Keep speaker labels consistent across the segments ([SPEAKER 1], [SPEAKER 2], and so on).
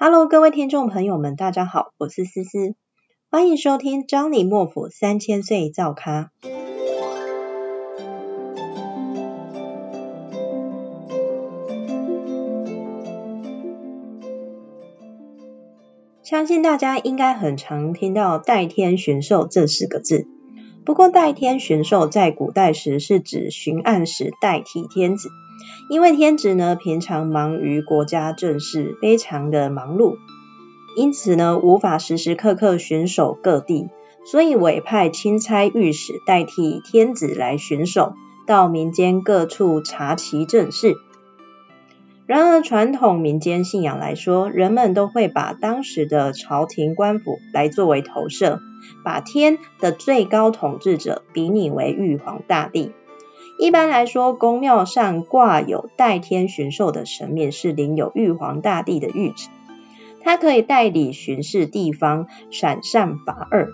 [SPEAKER 1] Hello，各位聽眾朋友們，大家好，我是思思，歡迎收聽《張里莫府三千歲造咖》。相信大家應該很常聽到“代天巡狩”這四個字，不過“代天巡狩”在古代時是指巡按時代替天子。因為天子呢，平常忙於國家政事，非常的忙碌，因此呢，無法時時刻刻巡守各地，所以委派欽差御史代替天子來巡守，到民間各處查其政事。然而，傳統民間信仰來說，人們都會把當時的朝廷官府來作為投射，把天的最高統治者比擬為玉皇大帝。一般來說，宮廟上掛有代天巡狩的神明，是領有玉皇大帝的玉旨，它可以代理巡視地方，賞善罰惡。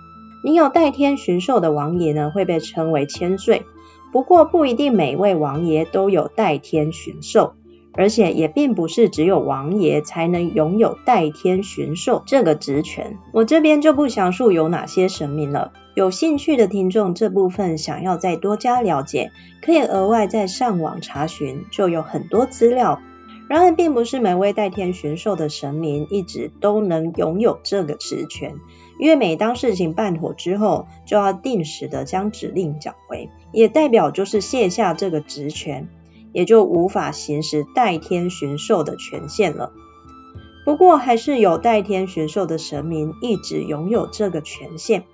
[SPEAKER 1] 領有代天巡狩的王爺呢，會被稱為千歲，不過不一定每一位王爺都有代天巡狩。而且也並不是只有王爺才能擁有代天巡狩這個職權。我這邊就不詳述有哪些神明了。有興趣的聽眾，這部分想要再多加了解，可以額外再上網查詢，就有很多資料。然而，並不是每位代天巡狩的神明一直都能擁有這個職權，因為每當事情辦妥之後，就要定時的將指令繳回，也代表就是卸下這個職權。也就無法行使代天巡狩的權限了。不過，還是有代天巡狩的神明一直擁有這個權限，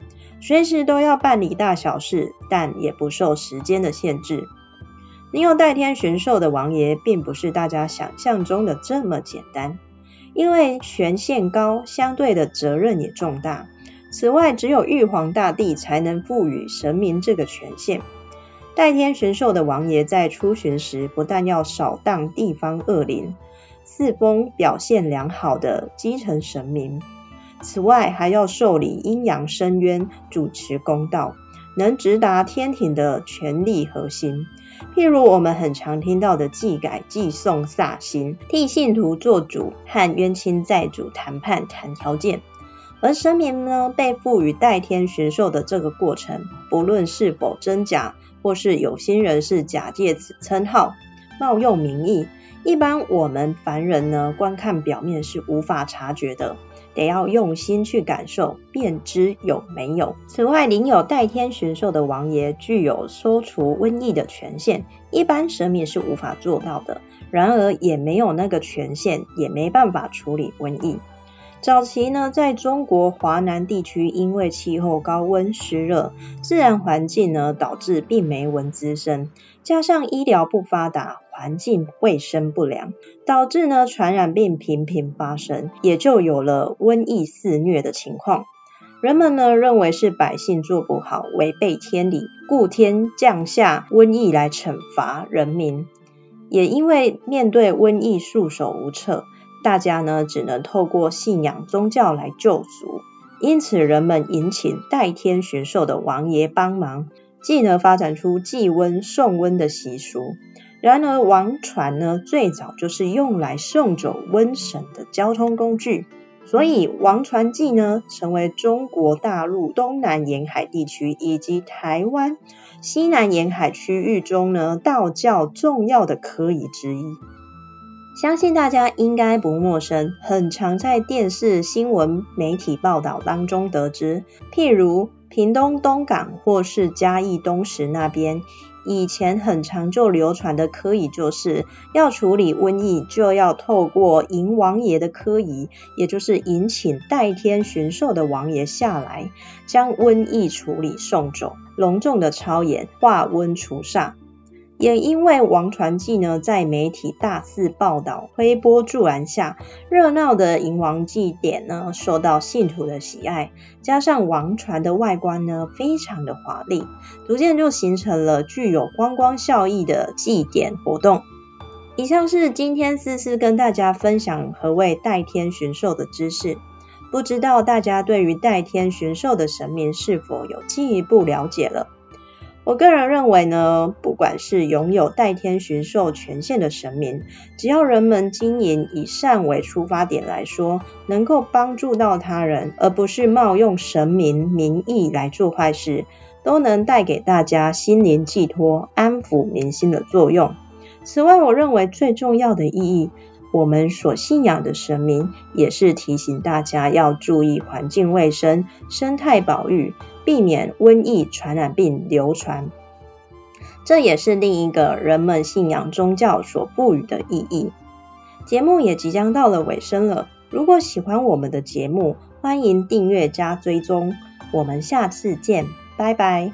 [SPEAKER 1] 隨時都要辦理大小事，但也不受時間的限制。擁有代天巡狩的王爺，並不是大家想象中的這麼簡單，因為權限高，相對的責任也重大。此外，只有玉皇大帝才能賦予神明這個權限。代天巡狩的王爺在出巡時，不但要掃蕩地方惡靈，賜封表現良好的基層神明，此外還要受理陰陽申冤，主持公道，能直達天庭的權力核心。譬如我們很常聽到的祭改祭送煞星，替信徒做主，和冤親債主談判談條件。而神明呢，被賦予代天巡狩的這個過程，不論是否真假。或是有心人士假借此稱號冒用名義，一般我們凡人呢觀看表面是無法察覺的，得要用心去感受，便知有沒有。此外，領有代天巡狩的王爺具有收除瘟疫的權限，一般神明是無法做到的。然而，也沒有那個權限，也沒辦法處理瘟疫。早期呢，在中國華南地區，因為氣候高溫濕熱，自然環境呢導致病媒蚊滋生，加上醫療不發達，環境衛生不良，導致呢傳染病頻頻發生，也就有了瘟疫肆虐的情況。人們呢認為是百姓做不好，違背天理，故天降下瘟疫來懲罰人民。也因為面對瘟疫束手無策。大家呢只能透過信仰宗教來救贖，因此人們迎請代天巡狩的王爺幫忙，進而發展出祭瘟送瘟的習俗。然而王船呢最早就是用來送走瘟神的交通工具，所以王船祭呢成為中國大陸東南沿海地區以及台灣西南沿海區域中呢道教重要的科儀之一。相信大家應該不陌生，很常在電視、新聞、媒體報導當中得知。譬如屏東東港或是嘉義東石那邊，以前很常就流傳的科儀，就是要處理瘟疫，就要透過迎王爺的科儀，也就是迎請代天巡狩的王爺下來，將瘟疫處理送走，隆重的操演，化瘟除煞。也因為王船祭呢，在媒體大肆報道、推波助瀾下，熱鬧的迎王祭典呢，受到信徒的喜愛。加上王船的外觀呢，非常的華麗，逐漸就形成了具有觀光效益的祭典活動。以上是今天思思跟大家分享何謂代天巡狩的知識。不知道大家對於代天巡狩的神明是否有進一步了解了？我個人認為呢，不管是擁有代天巡狩權限的神明，只要人們經營以善為出發點來說，能夠幫助到他人，而不是冒用神明名義來做壞事，都能帶給大家心靈寄托、安撫民心的作用。此外，我認為最重要的意義，我們所信仰的神明，也是提醒大家要注意環境衛生、生態保育。避免瘟疫、傳染病流傳，這也是另一個人們信仰宗教所賦予的意義。節目也即將到了尾聲了，如果喜歡我們的節目，歡迎訂閱加追蹤，我們下次見，拜拜。